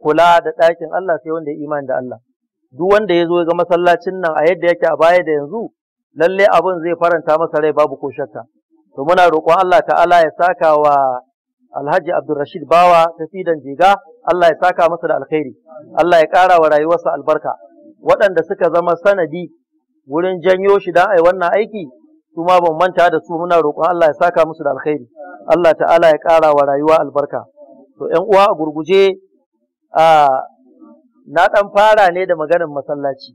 kula da ɗakin Allah sai wanda ya imani da Allah duk wanda ya zo ga masallacin nan a yadda yake a baya da yanzu lalle abin zai faranta masa rai babu ko shakka to muna roƙon Allah ta'ala ya saka wa Alhaji Abdulrashid Bawa ta tafidan jiga Allah ya saka masa da alkhairi Allah ya ƙara wa rayuwarsa albarka waɗanda suka zama sanadi wurin janyo shi dan yi wannan aiki su ma ban manta da su muna roƙon Allah ya saka musu da alkhairi Allah ta'ala ya ƙara wa rayuwa albarka to 'yan uwa a gurguje na ɗan fara ne da maganin masallaci.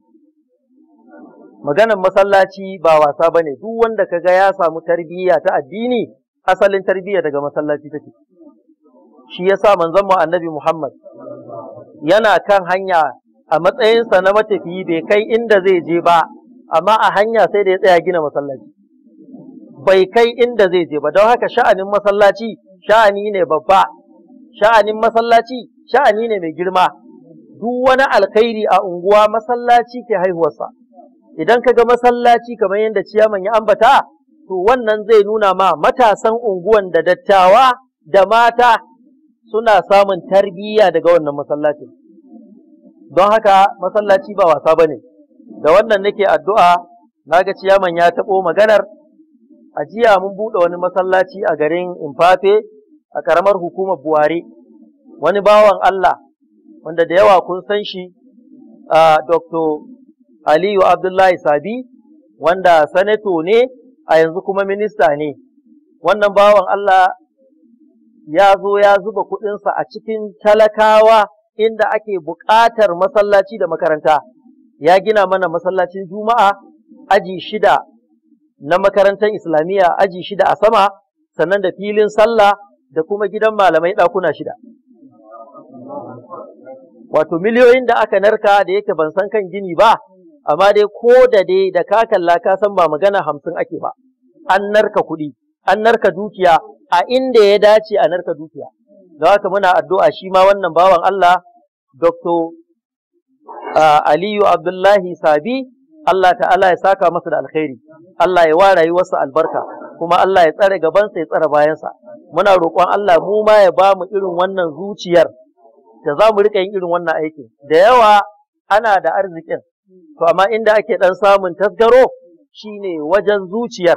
Maganan masallaci ba wasa ba ne, duk wanda ka ga ya samu tarbiyya ta addini, asalin tarbiyya daga masallaci take. Shi ya sa manzon annabi Muhammad yana kan hanya a matsayinsa na matafiyi bai kai inda zai je ba, amma a hanya sai da ya tsaya gina masallaci. Bai kai inda zai je ba, don haka sha'anin masallaci sha'ani ne babba. sha'anin masallaci sha'ani ne mai girma duk wani alkhairi a unguwa masallaci ke haihuwarsa idan ka ga masallaci kamar yadda ciyaman ya ambata to wannan zai nuna ma matasan unguwan da dattawa da mata suna samun tarbiyya daga wannan masallacin don haka masallaci ba wasa ba ne da wannan nake addu'a naga ciyaman ya taɓo maganar a jiya mun buɗe wani masallaci a garin Infafe a karamar hukumar buhari wani bawan Allah wanda da yawa kun san shi Dr. Aliyu Abdullahi Sabi wanda sanato ne a yanzu kuma minista ne wannan bawan Allah ya zo ya zuba kuɗinsa a cikin talakawa inda ake buƙatar masallaci da makaranta ya gina mana masallacin juma'a aji shida na makarantar islamiyya aji shida a sama sannan da filin sallah da kuma gidan malamai ɗakuna shida. Wato miliyoyin da aka narka da yake ban san kan gini ba, amma dai ko da dai da ka kalla ka san ba magana hamsin ake ba, an narka kuɗi, an narka dukiya a inda ya dace a narka dukiya. Da haka muna addu'a shi ma wannan bawan Allah, Dr. Aliyu Abdullahi Sabi, Allah ta'ala ya saka masa da alkhairi, Allah ya wa rayuwarsa albarka, kuma Allah ya tsare gabansa ya tsare bayansa. muna roƙon Allah mu ma ya ba mu irin wannan zuciyar da za mu riƙa yin irin wannan aikin da yawa ana da arzikin to amma inda ake ɗan samun tasgaro shine wajen zuciyar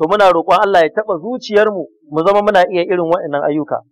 to muna roƙon Allah ya taɓa zuciyarmu mu zama muna iya irin waɗannan ayyuka